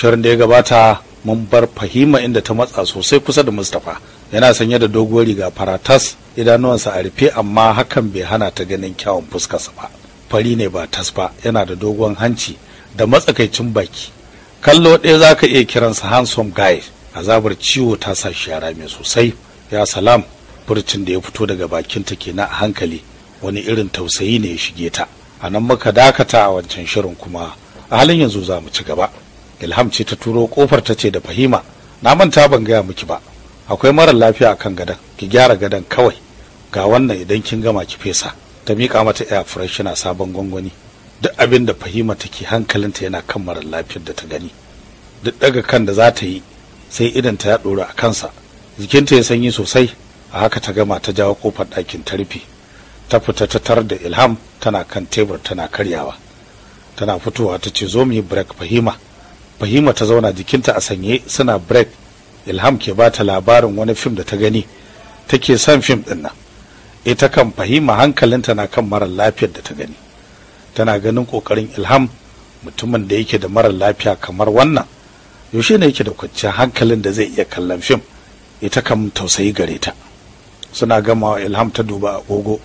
shirin da ya gabata mun bar fahima inda ta matsa sosai kusa da mustapha yana sanye da doguwar riga faratas idanuwansa a rufe amma hakan bai hana ta ganin kyawun fuskarsa ba fari ne ba tas ba yana da doguwar hanci da matsakaicin baki kallo ɗaya za ka iya kiransa handsome guy azabar ciwo ta sa shi yara mai sosai ya salam furcin da ya fito daga bakin bakinta kenan a hankali wani irin tausayi ne ya shige ta a nan muka dakata a wancan shirin kuma a halin yanzu za mu ci gaba ilham ce ta turo kofar ta ce da fahima na manta ban gaya miki ba akwai marar lafiya a kan gadon ki gyara gadon kawai ga wannan idan kin gama ki fesa ta miƙa mata air freshener sabon gwangwani duk abin da fahima take hankalinta yana kan marar lafiyar da ta gani duk daga kan da za ta yi sai idan ta ya ɗora a kansa jikinta ya sanyi sosai a haka ta gama ta jawo kofar ɗakin ta rufe ta fita ta tar da ilham tana kan tebur tana karyawa tana fitowa ta ce zo mu yi break fahima fahima ta zauna jikinta a sanye suna break ilham ke ba ta labarin wani fim da ta gani take son fim din nan ita kan fahima hankalinta na kan marar lafiyar da ta gani tana ganin kokarin ilham mutumin da yake da marar lafiya kamar wannan yaushe ne yake da kwanciyar hankalin da zai iya kallon fim ita kan tausayi gare ta suna gamawa ilham ta duba agogo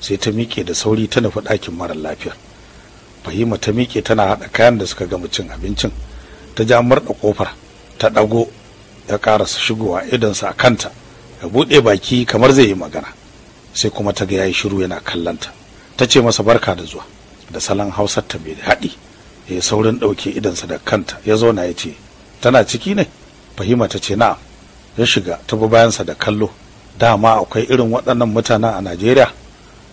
sai ta miƙe da sauri ta nufi ɗakin marar lafiyar fahima ta miƙe tana haɗa kayan da suka gama cin abincin ta ja murɗa kofar ta ɗago ya ƙarasa shigowa idonsa a kanta ya buɗe baki kamar zai yi magana sai kuma ta ga ya yi shiru yana kallanta ta ce masa barka da zuwa da salon hausar ta bai haɗi ya yi saurin ɗauke idonsa da kanta ya zauna ya ce tana ciki ne fahima ta ce na'am ya shiga ta bi bayansa da kallo dama akwai irin waɗannan mutanen a najeriya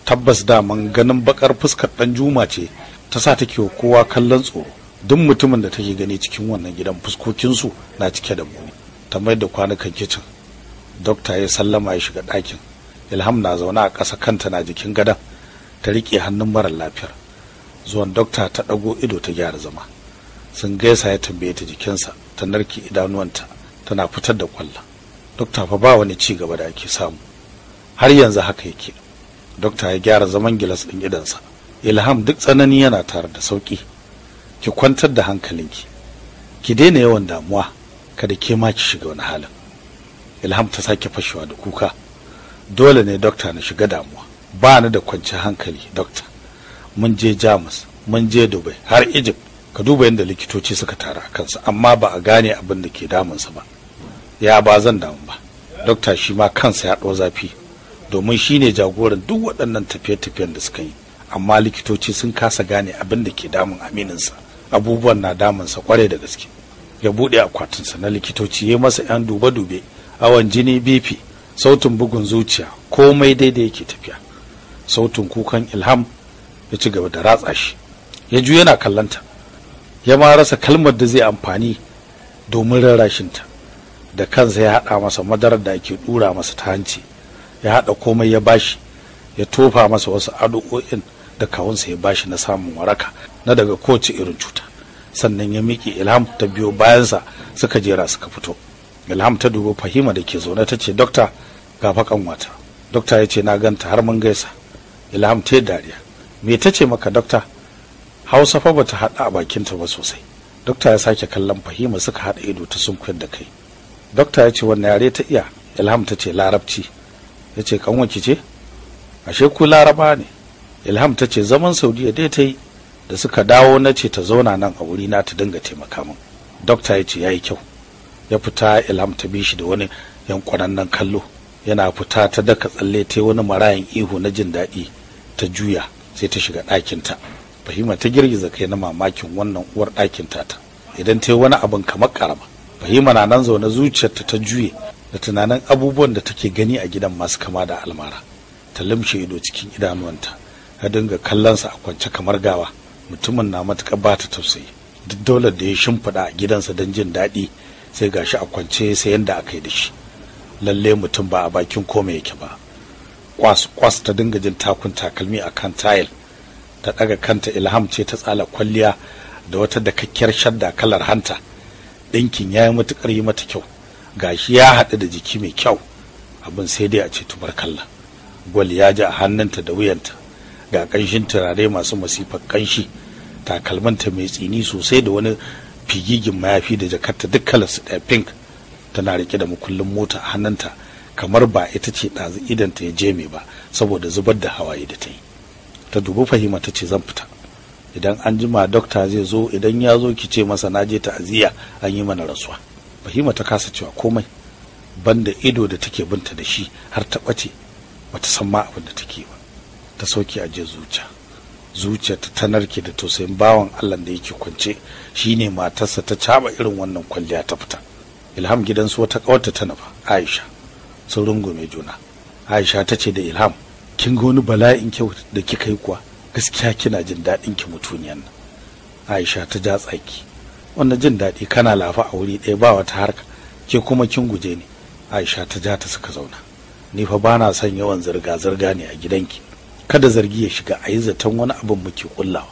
tabbas daman ganin baƙar fuskar ɗan juma ce ta sa take kowa kallon tsoro duk mutumin da take gani cikin wannan gidan fuskokinsu na cike da muni ta mai da kwanukan kicin dokta ya sallama ya shiga ɗakin ilham na zaune a ƙasa kanta na jikin gadon ta riƙe hannun marar lafiyar zuwan dokta ta ɗago ido ta gyara zama sun gaisa ya tambaye ta jikinsa ta narke idanuwanta tana fitar da kwallon dokta fa ba wani ci gaba da ake samu har yanzu haka yake dokta ya gyara zaman gilas ɗin idansa ilham duk tsanani yana tare da sauƙi ki kwantar da hankalinki ki daina yawan damuwa kada ke ma ki shiga wani halin ilham ta sake fashewa da kuka dole ne dokta na shiga damuwa ba ni da kwanciyar hankali dokta mun je jamus mun je dubai har egypt ka duba yadda likitoci suka tara kansa amma ba a gane abin da ke damunsa ba ya ba zan damu ba dokta shi ma kansa ya ɗau zafi domin shi ne jagoran duk waɗannan tafiye-tafiyen da suka yi amma likitoci sun kasa gane abin da ke damun amininsa abubuwan na damansa kwarai da gaske ya buɗe akwatinsa na likitoci ya masa 'yan dube-dube awon jini bp sautin bugun zuciya komai daidai yake tafiya sautin kukan ilham ya ci gaba da ratsa shi ya ju yana kallanta ya ma rasa kalmar da zai amfani domin rarrashinta da kansa ya haɗa masa madarar da ake ɗura masa ta hanci ya haɗa komai ya bashi ya tofa masa wasu addu'o'in da kawunsa ya bashi na samun waraka na daga kowace irin cuta sannan ya miƙe ilham ta biyo bayansa suka jera suka fito ilham ta dubo fahima da ke zaune ta ce dokta ga fakan wata dokta ya ce na ganta har mun gaisa ilham ta dariya me ta ce maka dokta hausa fa bata haɗa a bakinta ba sosai dokta ya sake kallon fahima suka haɗa ido ta sunkuyar da kai dokta ya ce wanne yare ta iya ilham ta ce larabci ya ce kanwa ki ce ashe ku laraba ne ilham ta ce zaman saudiya dai ta yi da suka dawo na ce ta zauna nan a wuri na ta dinga taimaka min dokta ya ce ya yi kyau ya fita ilham ta bi shi da wani nan kallo yana fita ta daka tsalle ta wani marayan ihu na jin daɗi ta juya sai ta shiga ɗakinta fahima ta girgiza kai na mamakin wannan uwar ɗakinta ta idan ta yi wani abin kamar karama fahima na nan zaune zuciyarta ta juye da tunanin abubuwan da take gani a gidan masu kama da almara ta limshe ido cikin idanuwanta ya dinga kallonsa a kwance kamar gawa mutumin na matuƙar ba ta tausayi duk dole da ya shimfiɗa a gidansa don jin daɗi sai gashi a kwance sai yadda aka yi da shi lalle mutum ba a bakin kome yake ba kwas kwas ta dinga jin takun takalmi a kan tayil ta ɗaga kanta ilham ce ta tsala kwalliya da wata kakkiyar shadda kalar hanta ɗinkin ya yi matuƙar yi mata kyau gashi ya haɗu da jiki mai kyau abin sai dai a ce tubarkalla gwal ya ji a hannunta da wuyanta ga kanshin turare masu masifar kanshi takalmanta mai tsini sosai da wani figigin mayafi da jakarta duk kalarsu ɗaya pink tana rike da makullin mota a hannunta kamar ba ita ce ɗazu idanta ya jeme ba saboda zubar da hawaye da ta yi ta dubi fahima ta ce zan fita idan an jima dokta zai zo idan ya zo ki ce masa na je ta'aziyya an yi mana rasuwa fahima ta kasa cewa komai banda ido da take binta da shi har ta ɓace bata san ma abin da take ba ta soke ajiye zuciya zuciya ta narke da tausayin bawan allah da yake kwance shine matarsa ta caba irin wannan kwalliya ta fita ilham gidansu wata kawarta ta nufa aisha sun rungume juna aisha ta ce da ilham kin ga wani bala'in kyau da kika yi kuwa gaskiya kina jin daɗin ki mutuniyan nan aisha ta ja tsaki wannan jin daɗi kana lafa a wuri ɗaya ba wata harka ke kuma kin guje ni aisha ta ja ta suka zauna ni fa bana son yawan zirga-zirga ne a gidanki kada zargi ya shiga a yi zaton wani abin muke kullawa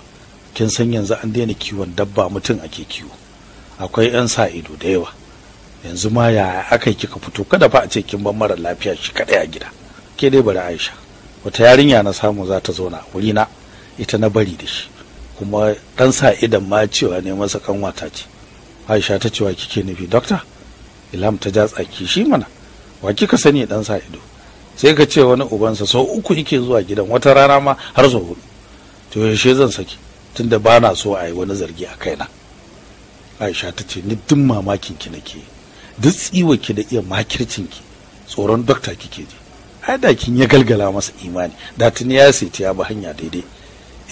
kin san yanzu an daina kiwon dabba mutum ake kiwo akwai 'yan sa ido da yawa yanzu ma ya aka kika fito kada fa a ce kin bar mara lafiya shi kadai a gida ke dai bari aisha wata yarinya na samu za ta zauna wuri na ita na bari da shi kuma dan sa idan ma cewa ne masa kanwata ce aisha ta cewa kike nufi dokta ilham ta ja tsaki shi mana wa kika sani dan sa ido sai ka ce wani ubansa sau uku yake zuwa gidan wata rana ma har sau hudu to yaushe zan saki tunda ba na so a yi wani zargi a kai na? aisha ta ce ni duk mamakin ki nake duk tsiwa ki da iya makircin ki tsoron dokta kike ji ai da kin ya galgala masa imani da tuni ya sai ya ba hanya daidai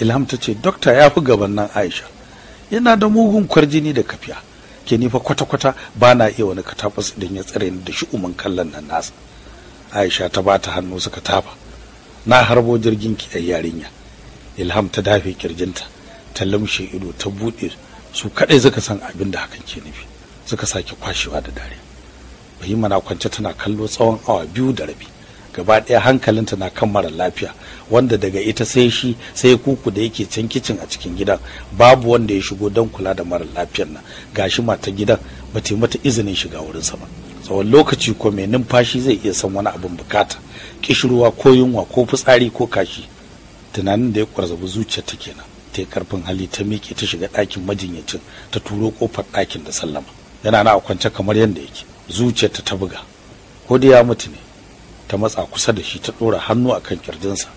ilham ta ce dokta ya fi gaban nan aisha yana da mugun kwarjini da kafiya ke ni fa kwata-kwata ba na iya wani katafas idan ya tsare ni da shi umar kallon nan nasa aisha ta bata hannu suka tafa na harbo jirgin ki a yarinya ilham ta dafe kirjinta ta lamshe ido ta buɗe su kaɗai suka san abin da hakan ke nufi suka sake kwashewa da dare bai mana kwance tana kallo tsawon awa biyu da rabi gaba ɗaya hankalinta na kan mara lafiya wanda daga ita sai shi sai kuku da yake can kicin a cikin gidan babu wanda ya shigo don kula da mara lafiyar nan gashi mata gidan ba ta mata izinin shiga wurinsa ba tsawon lokaci ko mai numfashi zai iya san wani abin bukata kishirwa ko yunwa ko fitsari ko kashi tunanin da ya kwarzabi zuciya ta kenan ta yi karfin hali ta miƙe ta shiga ɗakin majinyacin ta turo ƙofar ɗakin da sallama yana na kwance kamar yadda yake zuciyarta ta buga ko da ya mutu ne ta matsa kusa da shi ta ɗora hannu a kan kirjinsa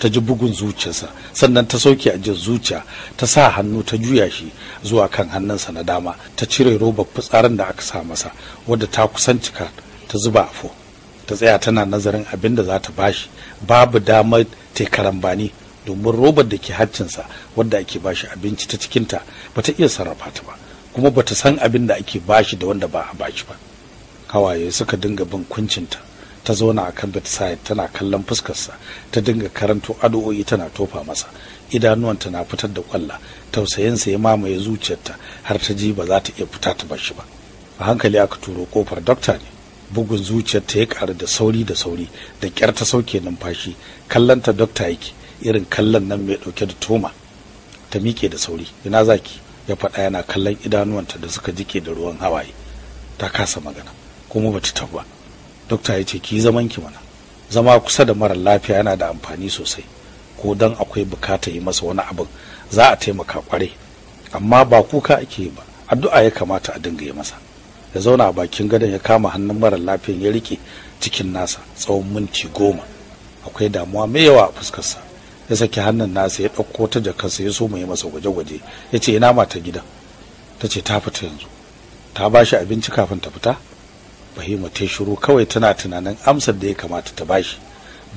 ta ji bugun zuciyarsa sannan ta sauke a jin zuciya ta sa hannu ta juya shi zuwa kan hannunsa na dama ta cire roba fitsarin da aka sa masa wadda ta kusan cika ta zuba a fo ta tsaya tana nazarin abin da za ta bashi babu damar tekaran bani domin robar da ke haccinsa wadda ake bashi abinci ta cikinta ba ta iya sarrafa ta ba kuma ba ta san abin da ake bashi da wanda ba a bashi ba hawaye suka dinga bin kuncinta ta zauna a kan bedside tana kallon fuskarsa ta dinga karanto addu'o'i tana tofa masa idanuwanta na fitar da kwalla tausayinsa ya mamaye zuciyarta har ta ji ba za ta iya fita ta bar shi ba a hankali aka turo kofar dokta ne bugun zuciyarta ya karu da sauri da sauri da ƙyar ta sauke numfashi kallanta dokta yake irin kallon nan mai dauke da toma ta miƙe da sauri ina zaki ya faɗa yana kallon idanuwanta da suka jike da ruwan hawaye ta kasa magana kuma bata tafi ba dokta ya ce ki zaman ki mana zama kusa da mara lafiya yana da amfani sosai ko dan akwai bukata yi masa wani abin za a taimaka kwarai amma ba kuka ake ba addu'a ya kamata a dinga yi masa ya zauna a bakin gadon ya kama hannun mara lafiyan ya rike cikin nasa tsawon minti goma akwai damuwa mai yawa a fuskarsa ya saki hannun nasa ya ɗauko ta jakarsa ya so mu yi masa gwaje-gwaje ya ce ina mata gidan ta ce ta fita yanzu ta ba shi abinci kafin ta fita fahima ta shiru kawai tana tunanin amsar da ya kamata ta bashi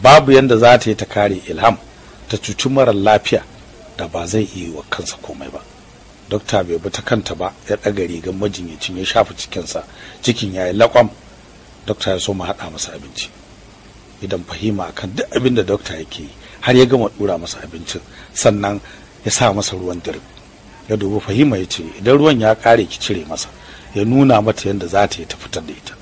babu yadda za ta yi ta kare ilham ta cuci marar lafiya da ba zai iya wa kansa komai ba dokta bai bi ta kanta ba ya ɗaga rigar majinyacin ya shafa cikinsa cikin ya yi laƙwam dokta ya so mu haɗa masa abinci idan fahima akan duk abin da dokta yake yi har ya gama ɗura masa abincin sannan ya sa masa ruwan dirib ya dubi fahima ya ce idan ruwan ya ƙare ki cire masa ya nuna mata yadda za ta yi ta fitar da ita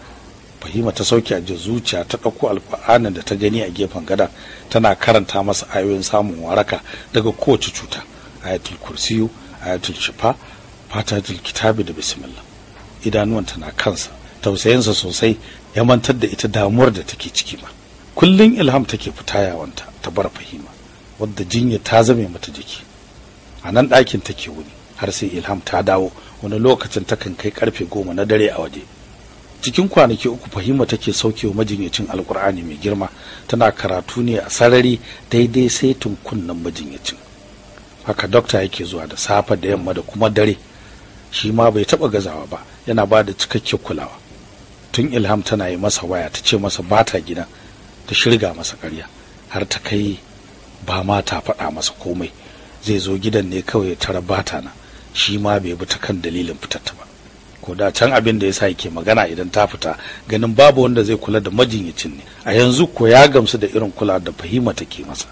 fahima ta sauke a zuciya ta ɗauko alfa'anin da ta gani a gefen gada tana karanta masa ayoyin samun waraka daga kowace cuta ayatul kursiyu ayatul shifa fatatul kitabi da bismillah idanuwanta na kansa tausayinsa sosai ya mantar da ita damuwar da take ciki ba kullum ilham take fita yawanta ta bar fahima wadda jinya ta zame mata jiki a nan ɗakin take wuni har sai ilham ta dawo wani lokacin takan kai karfe goma na dare a waje cikin kwanaki uku fahima take saukewa majinyacin alkur'ani mai girma tana karatu ne a sarari daidai sai kunnen majinyacin haka dokta yake zuwa da safe da yamma da kuma dare shi ma bai taba gazawa ba yana ba da cikakke kulawa tun ilham tana yi masa waya ta ce masa bata gidan ta shirga masa karya har ta kai ba ma ta faɗa masa komai zai zo gidan ne kawai tara bata na shi ma bai bi ta kan dalilin fitarta ba ko da can abin da ya sa yake magana idan ta fita ganin babu wanda zai kula da majinyacin ne a yanzu ko ya gamsu da irin kula da fahima take masa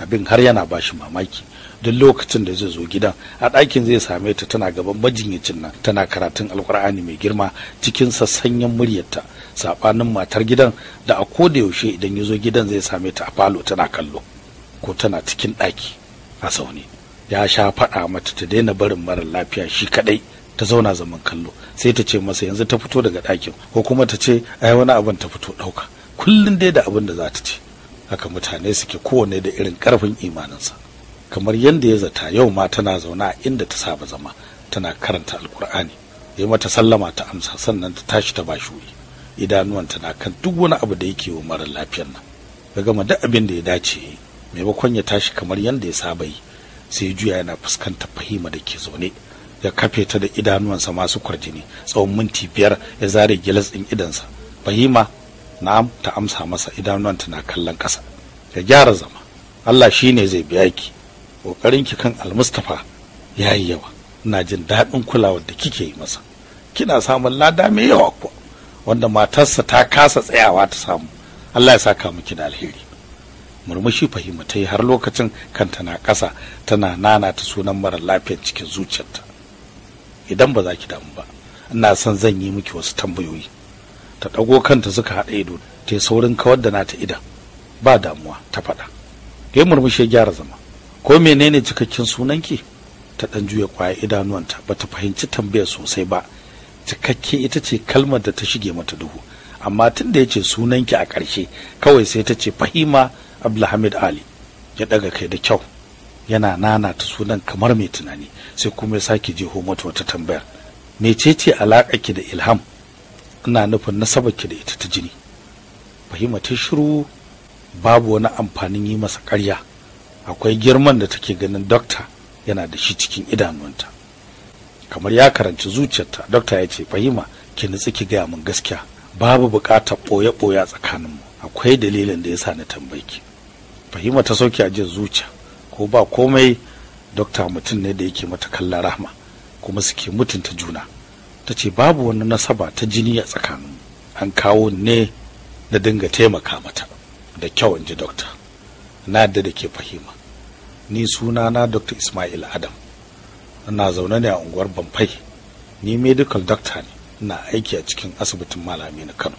abin har yana bashi mamaki duk lokacin da zai zo gidan a ɗakin zai same ta tana gaban majinyacin nan tana karatun alkur'ani mai girma cikin sassanyen muryarta saɓanin matar gidan da a koda yaushe idan ya zo gidan zai same ta a falo tana kallo ko tana cikin ɗaki a sauni ya sha faɗa mata ta daina barin mara lafiya shi kaɗai ta zauna zaman kallo sai ta ce masa yanzu ta fito daga ɗakin ko kuma ta ce ai wani abin ta fito ɗauka kullum dai da abin da za ta ce haka mutane suke kowane da irin ƙarfin imaninsa kamar yadda ya zata yau ma tana zauna a inda ta saba zama tana karanta alkur'ani ya mata sallama ta amsa sannan ta tashi ta ba shuri idanuwanta na kan duk wani abu da yake wa mara lafiyar nan ya gama duk abin da ya dace maimakon ya tashi kamar yadda ya saba yi sai juya yana fuskantar fahima da ke zaune ya kafe ta da idanuwansa masu kwarjini tsawon minti biyar ya zare gilas ɗin idansa fahima na'am ta amsa masa idanuwanta na kallon ƙasa ya gyara zama Allah shi ne zai biya ki Ƙoƙarin ki kan almustafa ya yi yawa ina jin daɗin kulawar da kike yi masa kina samun lada mai yawa kuwa wanda matarsa ta kasa tsayawa ta samu Allah ya sa saka miki da alheri murmushi fahimta yi har lokacin kanta na ƙasa tana nana ta sunan mara lafiyar cikin zuciyarta idan ba za ki damu ba ina son zan yi miki wasu tambayoyi ta ɗago kanta suka haɗa ido ta saurin kawar da nata idan ba damuwa ta faɗa ya murmushi ya gyara zama ko menene cikakken sunanki ta ɗan juya kwaya idanuwanta ba ta fahimci tambayar sosai ba cikakke ita ce kalmar da ta shige mata duhu amma tun da ya ce sunanki a ƙarshe kawai sai ta ce fahima abdulhamid ali ya ɗaga kai da kyau yana nana ta sunan kamar mai tunani sai kuma ya sake jeho mata wata tambayar mecece alaƙa ki da ilham ina nufin nasabar ki da ita ta jini fahima ta shiru babu wani amfanin yi masa ƙarya akwai girman da take ganin dokta yana da shi cikin idanunta kamar ya karanci zuciyarta dokta ya ce fahima ki nutsu ki gaya min gaskiya babu buƙatar ɓoye-ɓoye tsakaninmu akwai dalilin da ya sa na tambayi fahima ta sauke a jin zuciya ko ba komai dokta mutum ne da yake mata kallon rahma kuma suke mutunta juna ta ce babu wani nasaba ta jini a tsakanin an kawo ne na dinga taimaka mata da kyau in ji dokta na da da ke fahima ni suna na dokta ismail adam ina zaune ne a unguwar bamfai ni medical doctor ne ina aiki a cikin asibitin malami na kano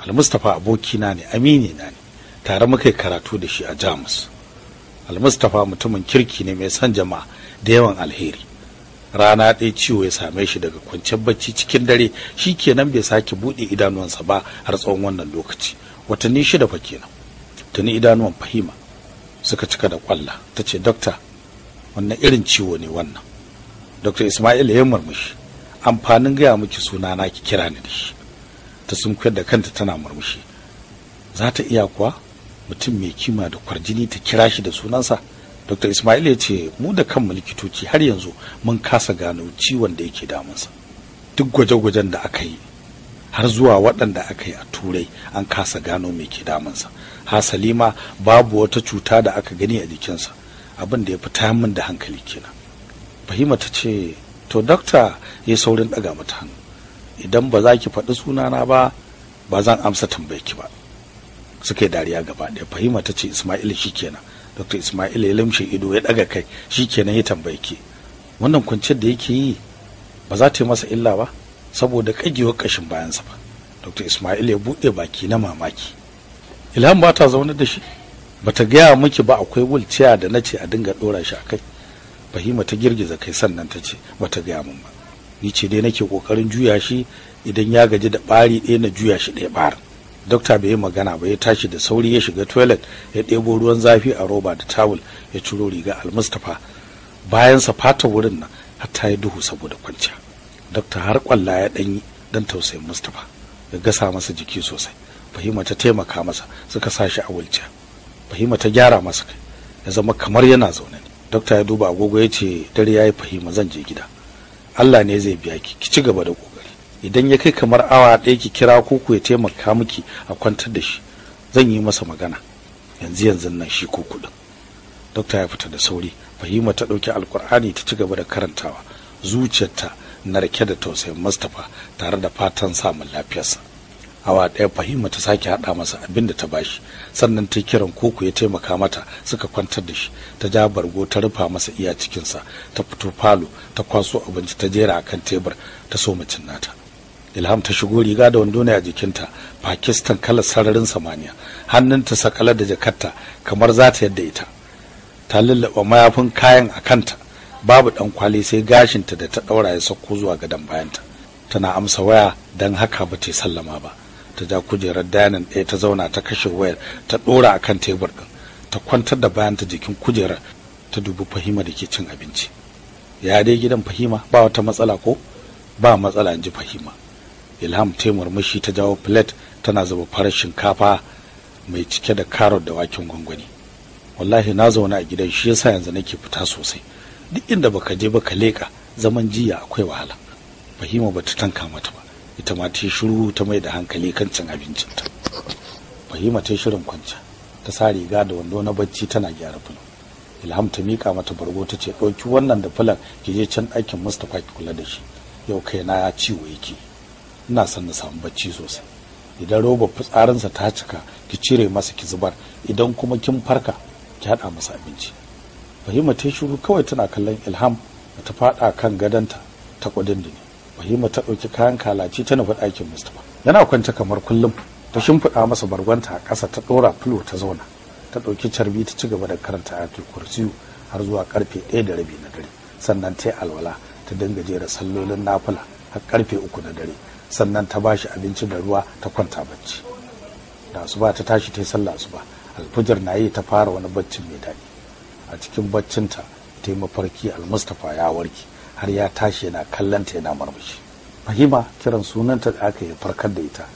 almustapha abokina ne amini na ne tare muka yi karatu da shi a jamus almustafa mutumin kirki ne mai son jama'a da yawan alheri rana ɗaya ciwo ya same shi daga kwanciyar bacci cikin dare shi kenan bai sake buɗe idanuwansa ba har tsawon wannan lokaci watanni shida fa kenan tuni idanuwan fahima suka cika da kwalla ta ce dokta wannan irin ciwo ne wannan dokta ismail ya murmushi amfanin gaya miki suna na ki kira ni da shi ta sunkuyar da kanta tana murmushi za ta iya kuwa mutum mai kima da kwarjini ta kira shi da sunansa dr ismail ya ce mu da kanmu likitoci har yanzu mun kasa gano ciwon da yake damunsa duk gwaje-gwajen da aka yi har zuwa waɗanda aka yi a turai an kasa gano mai ke damunsa hasali ma babu wata cuta da aka gani a jikinsa abin da ya fita min da hankali kenan fahima ta ce to dokta ya saurin ɗaga mata hannu idan ba za ki faɗi sunana ba ba zan amsa tambayki ba suka dariya gaba ɗaya fahima ta ce ismail kenan dr ismail ya lamshe ido ya ɗaga kai shi kenan ya tambaye ki wannan kwanciyar da yake yi ba za ta yi masa illa ba saboda kagewar kashin bayansa ba dr ismail ya buɗe baki na mamaki ilham ba ta zaune da shi ba ta gaya miki ba akwai wulciya da na ce a dinga ɗora shi a kai fahima ta girgiza kai sannan ta ce ba ta gaya min ba ni ce dai nake kokarin juya shi idan ya gaji da ɓari ɗaya na juya shi ɗaya ɓarin dokta bai yi magana ba ya tashi da sauri ya shiga toilet ya ɗebo ruwan zafi a roba da tawul ya ciro riga almustapha bayansa fata wurin nan hatta ya duhu saboda kwanciya dokta har kwalla ya ɗanyi don tausayin mustapha ya gasa masa jiki sosai fahima ta taimaka masa suka sa shi a wulciya fahima ta gyara masa kai ya zama kamar yana zaune ne dokta ya duba agogo ya ce dare ya yi fahima zan je gida allah ne zai biya ki ki ci gaba da ko idan ya kai kamar awa ɗaya ki kira ko ku ya taimaka miki a kwantar da shi zan yi masa magana yanzu yanzu nan shi ko din dokta ya fita da sauri fahima ta ɗauki alkur'ani ta ci gaba da karantawa zuciyarta na rake da tausayin mustapha tare da fatan samun lafiyarsa awa ɗaya fahima ta sake haɗa masa abin da ta bashi sannan ta kiran koko ya taimaka mata suka kwantar da shi ta ja bargo ta rufa masa iya cikinsa ta fito falo ta kwaso abinci ta jera a kan tebur ta so macin nata ilham ta shigo riga da wando ne a jikinta pakistan kalar sararin samaniya hannunta sakalar da jakarta kamar za ta yadda ita ta lullaba mayafin kayan a kanta babu dan kwali sai gashinta da ta daura ya sako zuwa gadon bayanta tana amsa waya dan haka ba ta sallama ba ta ja kujerar dayanin ɗaya ta zauna ta kashe wayar ta ɗora kan tebur ɗin ta kwantar da bayanta jikin kujerar ta dubi fahima da ke cin abinci ya dai gidan fahima ba wata matsala ko ba matsala in ji fahima ilham ta murmushi ta jawo plate tana zuba farar shinkafa mai cike da karot da waken gwangwani wallahi na zauna a gidan shi yasa yanzu nake fita sosai duk inda baka je baka leka zaman jiya akwai wahala fahima bata tanka mata ba ita ma ta shiru ta mai da hankali kan cin ta. fahima ta shirin kwanci ta sa riga da wando na bacci tana gyara fulo ilham ta mika mata bargo ta ce ɗauki wannan da fulan ki je can ɗakin mustapha ki kula da shi yau kaina ya ciwo yake ina son na samu bacci sosai idan roba fitsarinsa ta cika ki cire masa ki zubar idan kuma kin farka ki haɗa masa abinci fahima ta shuru kawai tana kallon ilham da ta faɗa kan gadonta ta kudin da ne fahima ta ɗauki kayan kalaci tana nufi ɗakin mustapha yana kwance kamar kullum ta shimfiɗa masa bargonta a ƙasa ta ɗora filo ta zauna ta ɗauki carbi ta ci gaba da karanta ayatul kursiyu har zuwa karfe ɗaya da rabi na dare sannan ta yi alwala ta dinga jera sallolin nafila har karfe uku na dare sannan ta ba shi abinci da ruwa ta kwanta bacci da asuba ta tashi ta yi sallah ba alfujar na yi ta fara wani baccin mai daɗi a cikin baccinta ta yi mafarki almustafa ya warke har ya tashi yana kallon ta yana marmashi fahima kiran sunanta da aka yi farkar da ita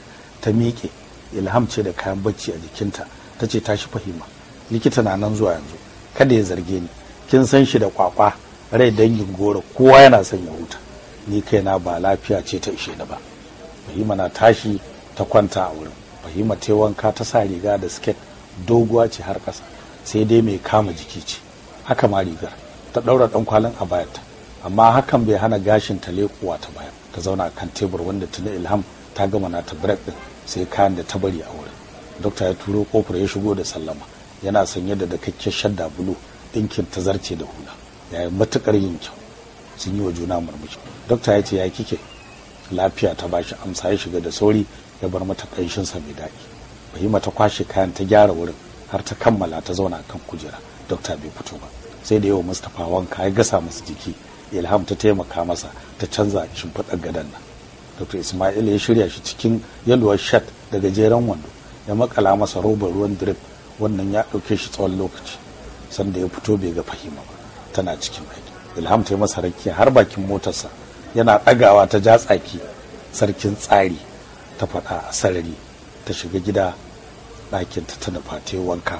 ta miƙe ilham ce da kayan bacci a jikinta ta ce tashi fahima likita na nan zuwa yanzu kada ya zarge ni kin san shi da kwakwa rai dangin goro kowa yana son ya huta ni kaina ba lafiya ce ta ishe ni ba fahima na tashi ta kwanta a wurin fahima ta wanka ta sa riga da siket doguwa ce har ƙasa sai dai mai kama jiki ce haka ma rigar ta ɗaura ɗan kwalin a bayanta amma hakan bai hana gashin ta leƙuwa ta baya ta zauna kan tebur wanda tuni ilham ta gama na ta break ɗin sai kayan da ta bari a wurin dokta ya turo kofar ya shigo da sallama yana sanye da dakakken shadda bulo ɗinkin ta zarce da hula ya yi matuƙar yin kyau sun yi wa juna murmushi dokta ya ce ya kike lafiya ta bashi amsa ya shiga da sauri ya bar mata sa mai daɗi bahima ta kwashe kayan ta gyara wurin har ta kammala ta zauna kan kujera dokta bai fito ba sai da yau mustapha wanka ya gasa masa jiki ilham ta taimaka masa ta canza shimfiɗar gadon nan dr ismail ya shirya shi cikin yaluwar shat da gajeren wando ya makala masa robar ruwan drip wannan ya ɗauke shi tsawon lokaci sanda ya fito bai ga fahima ba tana cikin aiki ilham ta yi masa rakiya har bakin motarsa yana ɗagawa ta ja tsaki sarkin tsari ta faɗa a sarari ta shiga gida ɗakinta ta nufa ta wanka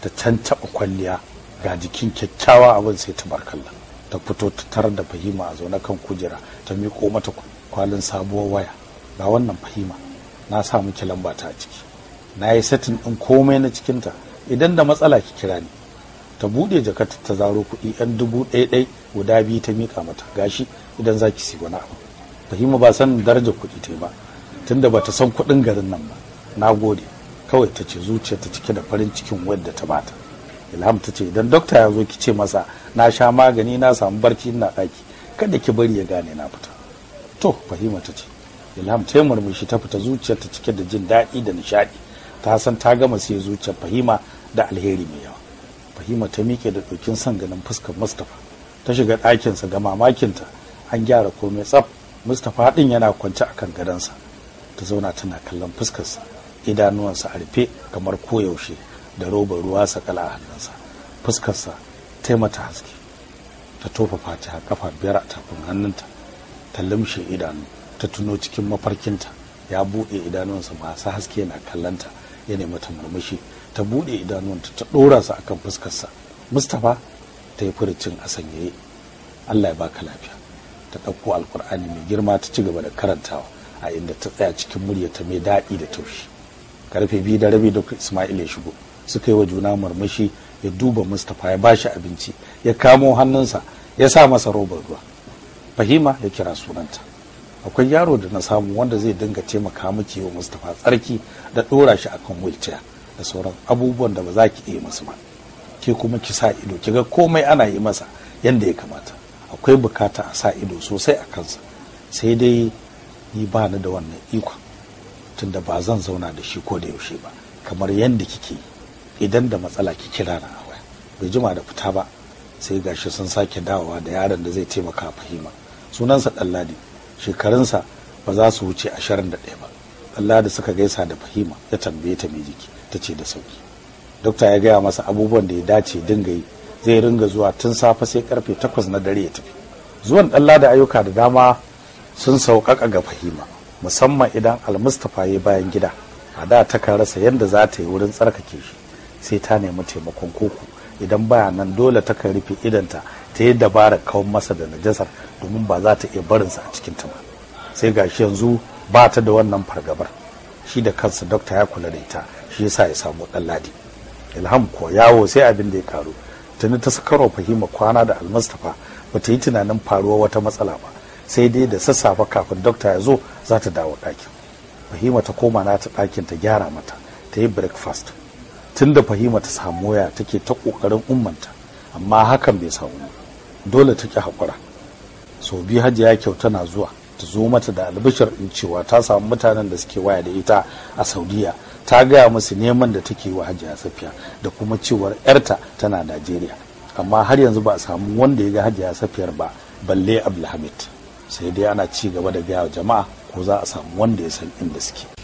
ta can taɓa kwalliya ga jikin kyakkyawa abin sai ta barkalla ta fito ta tar da fahima a zaune kan kujera ta miƙo mata kwalin sabuwar waya ga wannan fahima na sa miki lamba ta a ciki na yi satin ɗin komai na cikinta idan da matsala ki kira ni ta buɗe jakarta ta zaro kuɗi yan dubu ɗaya ɗai guda biyu ta mika mata gashi idan za ki si wani abu fahima ba san darajar kuɗi ta ba tunda ba ta san kuɗin garin nan ba na gode kawai ta ce zuciya ta cike da farin cikin wadda ta bata ilham ta ce idan dokta ya zo ki ce masa na sha magani na samu barci ina ɗaki kada ki bari ya gane na fita to fahima ta ce ilham ta murmushi ta fita zuciyar ta cike da jin daɗi da nishaɗi ta san ta gama sai zuciyar fahima da alheri mai yawa fahima ta miƙe da ɗaukin son ganin fuskar mustapha ta shiga ɗakinsa ga mamakinta an gyara komai tsaf mustapha ɗin yana kwance akan gadonsa ta zauna tana kallon fuskarsa idanuwansa a rufe kamar koyaushe da robar ruwa sakala a hannunsa fuskarsa mata haske ta tofa fatiha kafa biyar a tafin hannunta ta limshe idanu ta tuno cikin mafarkinta ya buɗe idanuwansa masu haske na kallonta ya nemi ta murmushi ta buɗe idanuwanta ta ɗora su akan fuskarsa mustapha ta yi furucin a sanyaye allah ya baka lafiya ta ɗauko alkur'ani mai girma ta ci gaba da karantawa a inda ta tsaya cikin murya ta mai daɗi da taushi karfe biyu da rabi duk ismail ya shigo suka yi wa juna murmushi ya duba mustapha ya bashi abinci ya kamo hannunsa ya sa masa robar ruwa fahima ya kira sunanta akwai yaro da na samu wanda zai dinga taimaka miki wa mustapha tsarki da ɗora shi akan wilciya da sauran abubuwan da ba za ki iya masu ba ke kuma ki sa ido kiga komai ana yi masa yadda ya kamata akwai bukata a sa ido sosai a kansa sai dai ni ba ni da wannan ikon tunda ba zan zauna da shi ko da yaushe ba kamar yadda kike idan da matsala ki kira na waya bai jima da fita ba sai gashi sun sake dawowa da yaron da zai taimaka fahima sunansa ɗanladi shekarunsa ba za su wuce ashirin da ɗaya ba ɗanladi suka gaisa da fahima ya tambaye ta mai jiki ta ce da sauki dokta ya gaya masa abubuwan da ya dace dinga yi zai ringa zuwa tun safe sai karfe takwas na dare ya tafi zuwan dalla da ayyuka da dama sun sauƙaƙa ga fahima musamman idan almustafa ya bayan gida a da ta kan rasa yadda za ta yi wurin tsarkake shi sai ta nemi taimakon koko idan baya nan dole ta kan rufe idanta ta yi dabarar kawon masa da najasar domin ba za ta iya barinsa a cikin ta ba sai gashi yanzu ba ta da wannan fargabar shi da kansa dokta ya kula da ita shi yasa ya samu ɗan ladi ilham ko yawo sai abin da ya faru tuni ta sakarwa fahima kwana da almustafa ba ta yi tunanin faruwa wata matsala ba sai dai da sassafe kafin dokta ya zo za ta dawo ɗakin fahima ta koma nata ɗakin ta gyara mata ta yi breakfast tun da fahima ta samu waya take ta ƙoƙarin ummanta amma hakan bai samu dole ta ƙi haƙura sau biyu hajiya kyau tana zuwa ta zo mata da albishar in cewa ta samu mutanen da suke waya da ita a saudiya ta gaya musu neman da take wa hajiya safiya da kuma cewar yarta tana najeriya amma har yanzu ba a samu wanda ya ga hajiya safiyar ba balle abdulhamid sai dai ana ci gaba da gaya wa jama'a ko za a samu wanda ya san inda suke